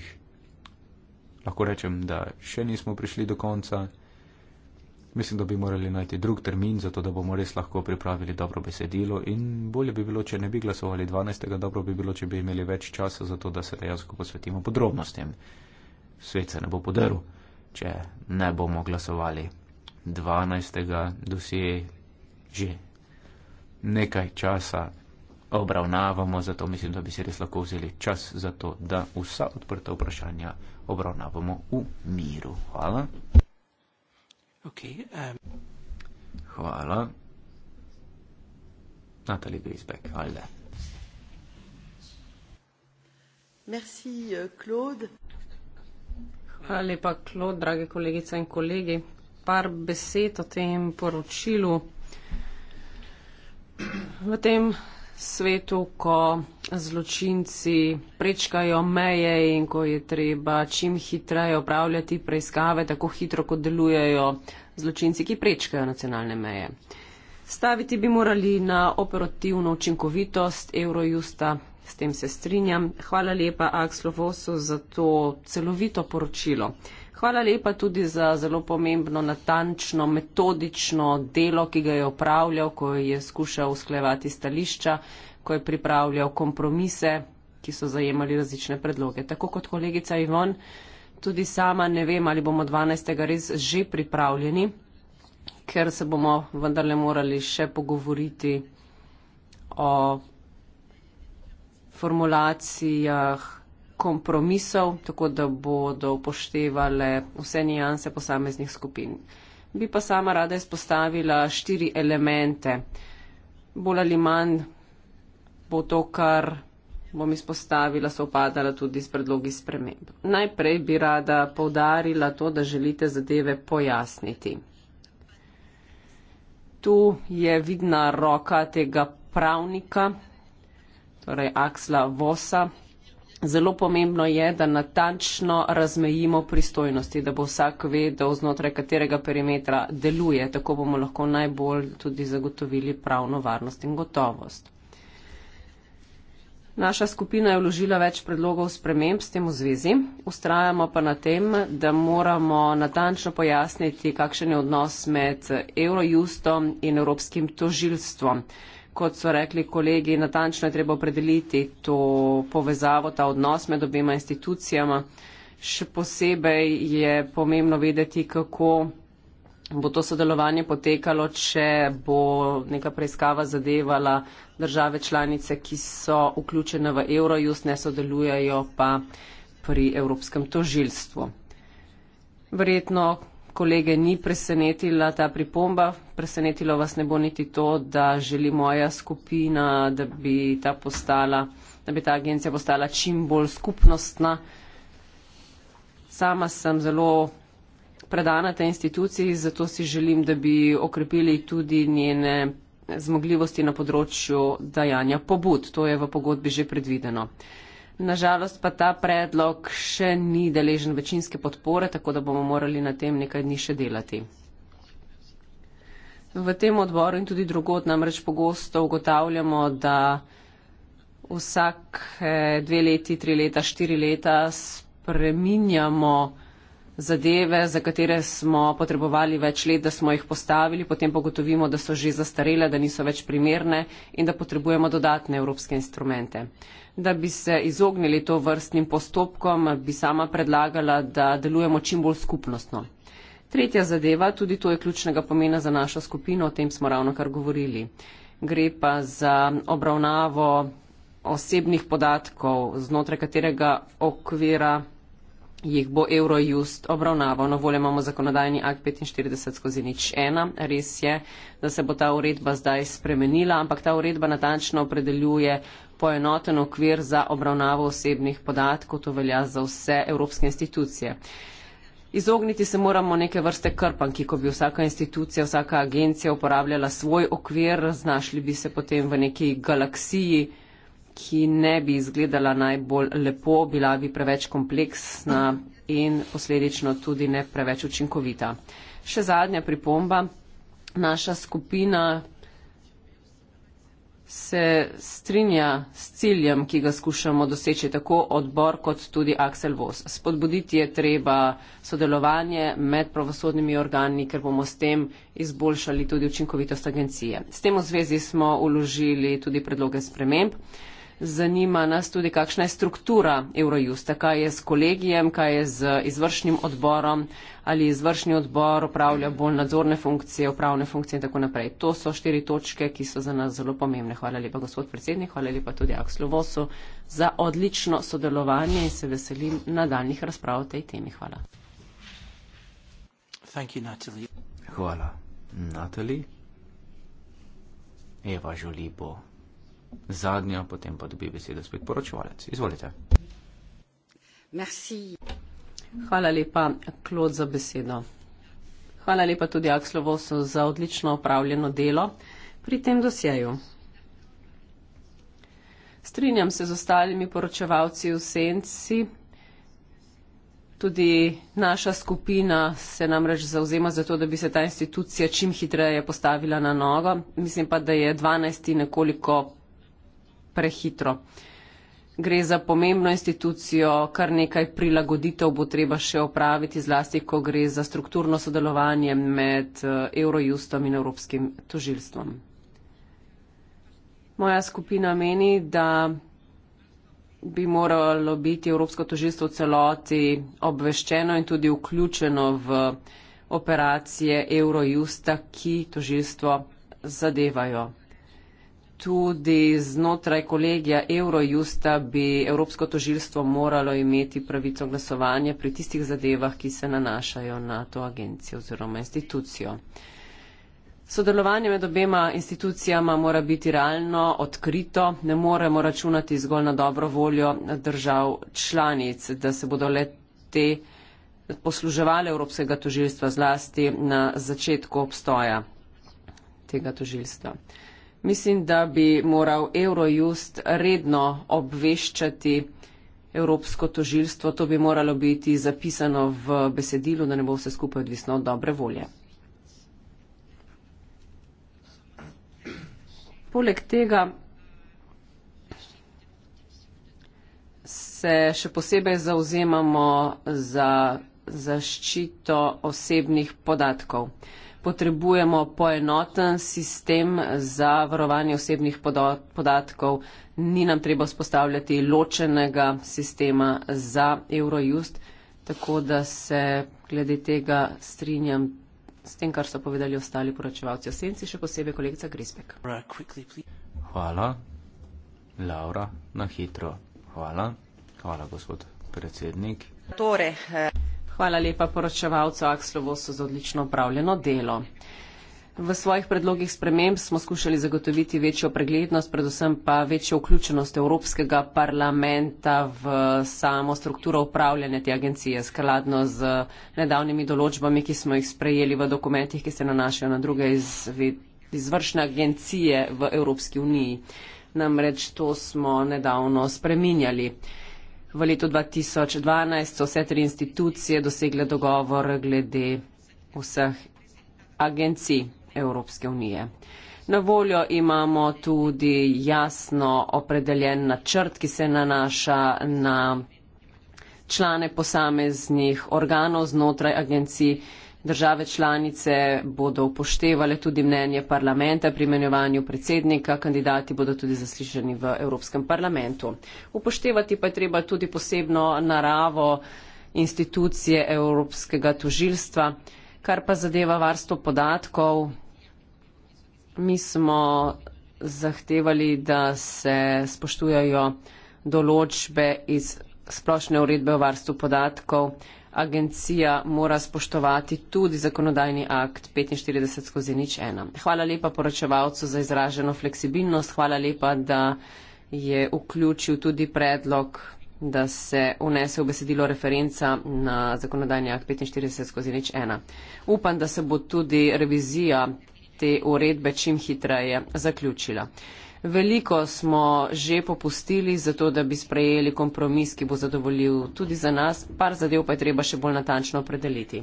lahko rečem, da še nismo prišli do konca. Mislim, da bi morali najti drug termin, zato da bomo res lahko pripravili dobro besedilo in bolje bi bilo, če ne bi glasovali 12. dobro bi bilo, če bi imeli več časa za to, da se dejansko posvetimo podrobnostim. Svet se ne bo podaril, če ne bomo glasovali 12. dosje že nekaj časa obravnavamo, zato mislim, da bi si res lahko vzeli čas za to, da vsa odprta vprašanja obravnavamo v miru. Hvala. Okay, um. Hvala. Natalie Grisbeck, Alde. Merci, euh, Claude. Hvala lepa, Claude, drage kolegice in kolegi. Par besed o tem poročilu. V tem svetu, ko zločinci prečkajo meje in ko je treba čim hitreje opravljati preiskave, tako hitro, kot delujejo zločinci, ki prečkajo nacionalne meje. Staviti bi morali na operativno učinkovitost Eurojusta, s tem se strinjam. Hvala lepa Akslo Vosu za to celovito poročilo. Hvala lepa tudi za zelo pomembno, natančno, metodično delo, ki ga je opravljal, ko je skušal usklevati stališča ko je pripravljal kompromise, ki so zajemali različne predloge. Tako kot kolegica Ivon, tudi sama ne vem, ali bomo 12. res že pripravljeni, ker se bomo vendarle morali še pogovoriti o formulacijah kompromisov, tako da bodo upoštevale vse nijanse posameznih skupin. Bi pa sama rada izpostavila štiri elemente, bolj ali manj bo to, kar bom izpostavila, sovpadala tudi s predlogi sprememb. Najprej bi rada povdarila to, da želite zadeve pojasniti. Tu je vidna roka tega pravnika, torej Aksla Vosa. Zelo pomembno je, da natančno razmejimo pristojnosti, da bo vsak vedel, znotraj katerega perimetra deluje. Tako bomo lahko najbolj tudi zagotovili pravno varnost in gotovost. Naša skupina je vložila več predlogov sprememb s tem v zvezi. Ustrajamo pa na tem, da moramo natančno pojasniti, kakšen je odnos med Eurojustom in Evropskim tožilstvom. Kot so rekli kolegi, natančno je treba opredeliti to povezavo, ta odnos med obema institucijama. Še posebej je pomembno vedeti, kako bo to sodelovanje potekalo, če bo neka preiskava zadevala države članice, ki so vključene v Eurojust, ne sodelujejo pa pri Evropskem tožilstvu. Verjetno kolege ni presenetila ta pripomba, presenetilo vas ne bo niti to, da želi moja skupina, da bi ta, postala, da bi ta agencija postala čim bolj skupnostna. Sama sem zelo predana tej instituciji, zato si želim, da bi okrepili tudi njene zmogljivosti na področju dajanja pobud. To je v pogodbi že predvideno. Nažalost pa ta predlog še ni deležen večinske podpore, tako da bomo morali na tem nekaj dni še delati. V tem odboru in tudi drugod namreč pogosto ugotavljamo, da vsak dve leti, tri leta, štiri leta spreminjamo zadeve, za katere smo potrebovali več let, da smo jih postavili, potem pa gotovimo, da so že zastarele, da niso več primerne in da potrebujemo dodatne evropske instrumente. Da bi se izognili to vrstnim postopkom, bi sama predlagala, da delujemo čim bolj skupnostno. Tretja zadeva, tudi to je ključnega pomena za našo skupino, o tem smo ravno kar govorili. Gre pa za obravnavo osebnih podatkov, znotraj katerega okvira jih bo Eurojust obravnaval. Na voljo imamo zakonodajni akt 45 skozi nič ena. Res je, da se bo ta uredba zdaj spremenila, ampak ta uredba natančno opredeljuje poenoten okvir za obravnavo osebnih podatkov. To velja za vse evropske institucije. Izogniti se moramo neke vrste krpanki, ko bi vsaka institucija, vsaka agencija uporabljala svoj okvir, znašli bi se potem v neki galaksiji ki ne bi izgledala najbolj lepo, bila bi preveč kompleksna in posledično tudi ne preveč učinkovita. Še zadnja pripomba. Naša skupina se strinja s ciljem, ki ga skušamo doseči tako odbor kot tudi Axel Vos. Spodbuditi je treba sodelovanje med pravosodnimi organi, ker bomo s tem izboljšali tudi učinkovitost agencije. S tem v zvezi smo uložili tudi predloge sprememb zanima nas tudi, kakšna je struktura Eurojusta, kaj je s kolegijem, kaj je z izvršnim odborom, ali izvršni odbor upravlja bolj nadzorne funkcije, upravne funkcije in tako naprej. To so štiri točke, ki so za nas zelo pomembne. Hvala lepa, gospod predsednik, hvala lepa tudi Akslu Vosu za odlično sodelovanje in se veselim nadaljnih razprav o tej temi. Hvala. You, Natalie. Hvala, Natali. Eva Žolibo zadnjo, potem pa dobi besedo spet poročevalec. Izvolite. Merci. Hvala lepa, Klod, za besedo. Hvala lepa tudi Akslovosu za odlično opravljeno delo pri tem dosjeju. Strinjam se z ostalimi poročevalci v senci. Tudi naša skupina se namreč zauzema za to, da bi se ta institucija čim hitreje postavila na nogo. Mislim pa, da je 12. nekoliko prehitro. Gre za pomembno institucijo, kar nekaj prilagoditev bo treba še opraviti, zlasti, ko gre za strukturno sodelovanje med eh, Eurojustom in Evropskim tožilstvom. Moja skupina meni, da bi moralo biti Evropsko tožilstvo v celoti obveščeno in tudi vključeno v operacije Eurojusta, ki tožilstvo zadevajo tudi znotraj kolegija Eurojusta bi Evropsko tožilstvo moralo imeti pravico glasovanja pri tistih zadevah, ki se nanašajo na to agencijo oziroma institucijo. Sodelovanje med obema institucijama mora biti realno, odkrito, ne moremo računati zgolj na dobro voljo držav članic, da se bodo le te posluževali Evropskega tožilstva zlasti na začetku obstoja tega tožilstva. Mislim, da bi moral Eurojust redno obveščati Evropsko tožilstvo. To bi moralo biti zapisano v besedilu, da ne bo vse skupaj odvisno od dobre volje. Poleg tega se še posebej zauzemamo za zaščito osebnih podatkov potrebujemo poenoten sistem za varovanje osebnih podatkov. Ni nam treba spostavljati ločenega sistema za Eurojust, tako da se glede tega strinjam s tem, kar so povedali ostali poročevalci o senci, še posebej kolegica Grisbek. Hvala. Laura, na hitro. Hvala. Hvala, gospod predsednik. Torej, eh. Hvala lepa poročevalcu Akslovosu za odlično upravljeno delo. V svojih predlogih sprememb smo skušali zagotoviti večjo preglednost, predvsem pa večjo vključenost Evropskega parlamenta v samo strukturo upravljanja te agencije, skladno z nedavnimi določbami, ki smo jih sprejeli v dokumentih, ki se nanašajo na druge izvršne agencije v Evropski uniji. Namreč to smo nedavno spreminjali. V letu 2012 so vse tri institucije dosegle dogovor glede vseh agencij Evropske unije. Na voljo imamo tudi jasno opredeljen načrt, ki se nanaša na člane posameznih organov znotraj agencij države članice bodo upoštevale tudi mnenje parlamenta pri menjevanju predsednika, kandidati bodo tudi zaslišani v Evropskem parlamentu. Upoštevati pa je treba tudi posebno naravo institucije Evropskega tožilstva, kar pa zadeva varstvo podatkov. Mi smo zahtevali, da se spoštujajo določbe iz splošne uredbe o varstvu podatkov agencija mora spoštovati tudi zakonodajni akt 45 skozi nič ena. Hvala lepa poročevalcu za izraženo fleksibilnost, hvala lepa, da je vključil tudi predlog, da se unese v besedilo referenca na zakonodajni akt 45 skozi nič ena. Upam, da se bo tudi revizija te uredbe čim hitreje zaključila. Veliko smo že popustili, zato da bi sprejeli kompromis, ki bo zadovoljil tudi za nas. Par zadev pa je treba še bolj natančno opredeliti.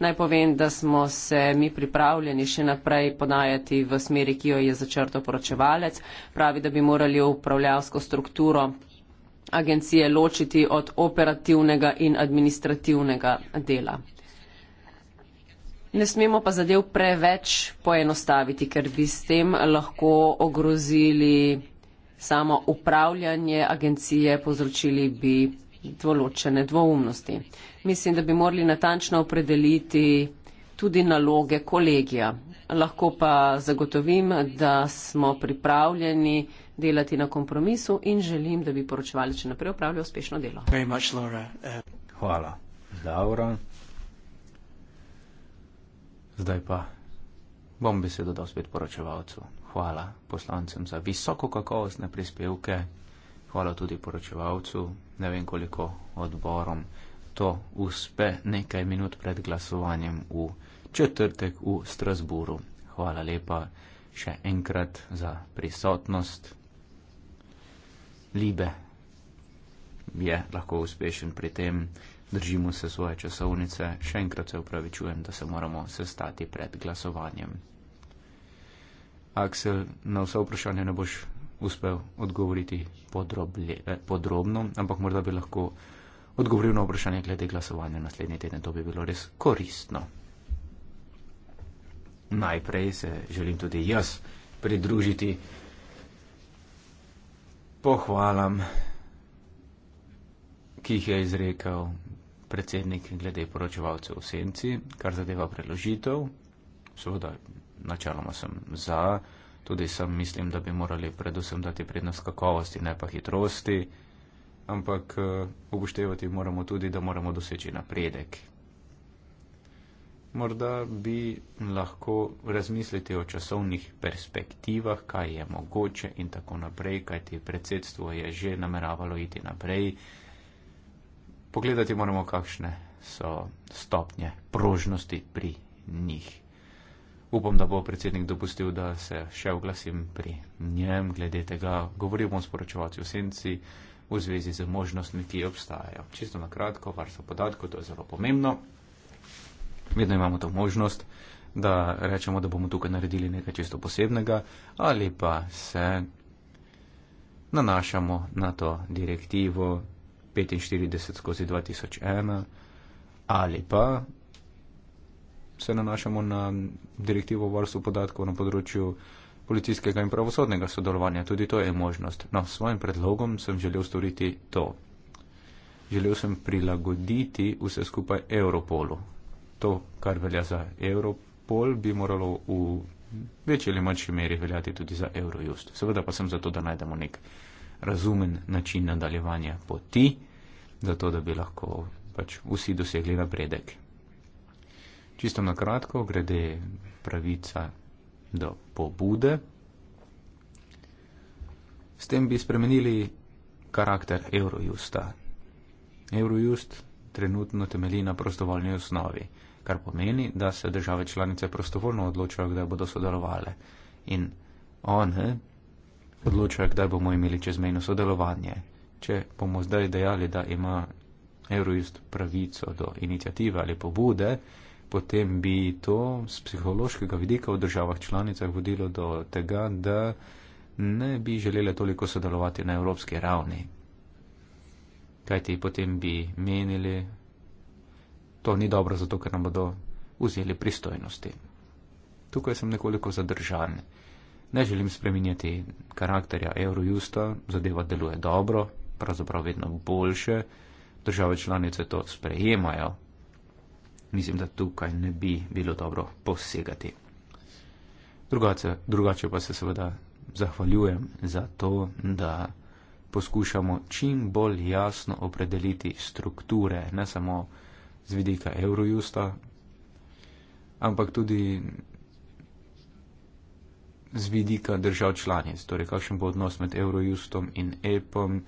Naj povem, da smo se mi pripravljeni še naprej podajati v smeri, ki jo je začrto poročevalec. Pravi, da bi morali upravljavsko strukturo agencije ločiti od operativnega in administrativnega dela. Ne smemo pa zadev preveč poenostaviti, ker bi s tem lahko ogrozili samo upravljanje agencije, povzročili bi določene dvoumnosti. Mislim, da bi morali natančno opredeliti tudi naloge kolegija. Lahko pa zagotovim, da smo pripravljeni delati na kompromisu in želim, da bi poročevali, če naprej upravljajo uspešno delo. Much, Laura. Uh... Hvala. Laura. Zdaj pa bom besedo dal spet poročevalcu. Hvala poslancem za visoko kakovostne prispevke, hvala tudi poročevalcu, ne vem koliko odborom to uspe nekaj minut pred glasovanjem v četrtek v Strasburu. Hvala lepa še enkrat za prisotnost. Libe je lahko uspešen pri tem, držimo se svoje časovnice, še enkrat se upravičujem, da se moramo sestati pred glasovanjem. Aksel, na vse vprašanje ne boš uspel odgovoriti podroblje, eh, podrobno, ampak morda bi lahko odgovoril na vprašanje glede glasovanja naslednji teden. To bi bilo res koristno. Najprej se želim tudi jaz pridružiti pohvalam, ki jih je izrekel predsednik glede poročevalcev v senci, kar zadeva predložitev. Seveda, načeloma sem za, tudi sem mislim, da bi morali predvsem dati prednost kakovosti, ne pa hitrosti, ampak eh, upoštevati moramo tudi, da moramo doseči napredek. Morda bi lahko razmisliti o časovnih perspektivah, kaj je mogoče in tako naprej, kajti predsedstvo je že nameravalo iti naprej. Pogledati moramo, kakšne so stopnje prožnosti pri njih. Upam, da bo predsednik dopustil, da se še oglasim pri njem glede tega. Govorimo o sporočevalcu v senci v zvezi z možnostmi, ki obstajajo. Čisto na kratko, varstvo podatkov, to je zelo pomembno. Vedno imamo to možnost, da rečemo, da bomo tukaj naredili nekaj čisto posebnega ali pa se nanašamo na to direktivo, 45 skozi 2001 ali pa se nanašamo na direktivo o varstvu podatkov na področju policijskega in pravosodnega sodelovanja. Tudi to je možnost. No, s svojim predlogom sem želel storiti to. Želel sem prilagoditi vse skupaj Europolu. To, kar velja za Europol, bi moralo v večji ali manjši meri veljati tudi za Eurojust. Seveda pa sem zato, da najdemo nek razumen način nadaljevanja poti, zato da bi lahko pač vsi dosegli napredek. Čisto na kratko, glede pravica do pobude. S tem bi spremenili karakter Eurojusta. Eurojust trenutno temelji na prostovoljni osnovi, kar pomeni, da se države članice prostovoljno odločajo, kdaj bodo sodelovali. In one, odločajo, kdaj bomo imeli čezmejno sodelovanje. Če bomo zdaj dejali, da ima Eurojust pravico do inicijative ali pobude, potem bi to z psihološkega vidika v državah članicah vodilo do tega, da ne bi želele toliko sodelovati na evropski ravni. Kajti potem bi menili, to ni dobro, zato ker nam bodo vzeli pristojnosti. Tukaj sem nekoliko zadržan ne želim spreminjati karakterja Eurojusta, zadeva deluje dobro, pravzaprav vedno boljše, države članice to sprejemajo. Mislim, da tukaj ne bi bilo dobro posegati. Drugače, drugače pa se seveda zahvaljujem za to, da poskušamo čim bolj jasno opredeliti strukture, ne samo z vidika Eurojusta, ampak tudi z vidika držav članic, torej kakšen bo odnos med Eurojustom in EPOM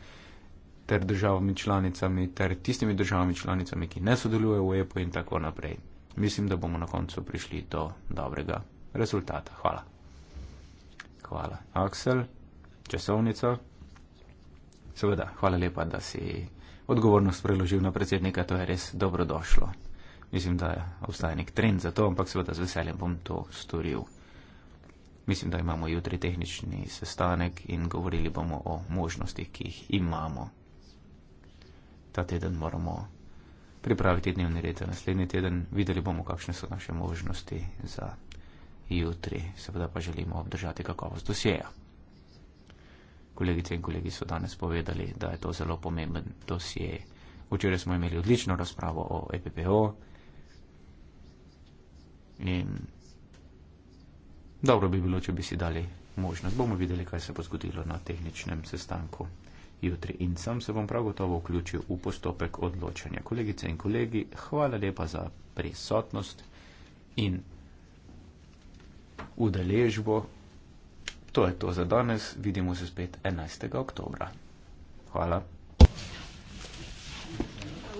ter državami članicami ter tistimi državami članicami, ki ne sodelujejo v EPO in tako naprej. Mislim, da bomo na koncu prišli do dobrega rezultata. Hvala. Hvala. Aksel, časovnica. Seveda, hvala lepa, da si odgovornost preložil na predsednika, to je res dobrodošlo. Mislim, da obstaja nek trend za to, ampak seveda z veseljem bom to storil. Mislim, da imamo jutri tehnični sestanek in govorili bomo o možnostih, ki jih imamo. Ta teden moramo pripraviti dnevni red za naslednji teden. Videli bomo, kakšne so naše možnosti za jutri. Seveda pa želimo obdržati kakovost dosjeja. Kolegice in kolegi so danes povedali, da je to zelo pomemben dosjej. Včeraj smo imeli odlično razpravo o EPPO. In Dobro bi bilo, če bi si dali možnost. Bomo videli, kaj se bo zgodilo na tehničnem sestanku jutri. In sam se bom prav gotovo vključil v postopek odločanja. Kolegice in kolegi, hvala lepa za prisotnost in udeležbo. To je to za danes. Vidimo se spet 11. oktobra. Hvala.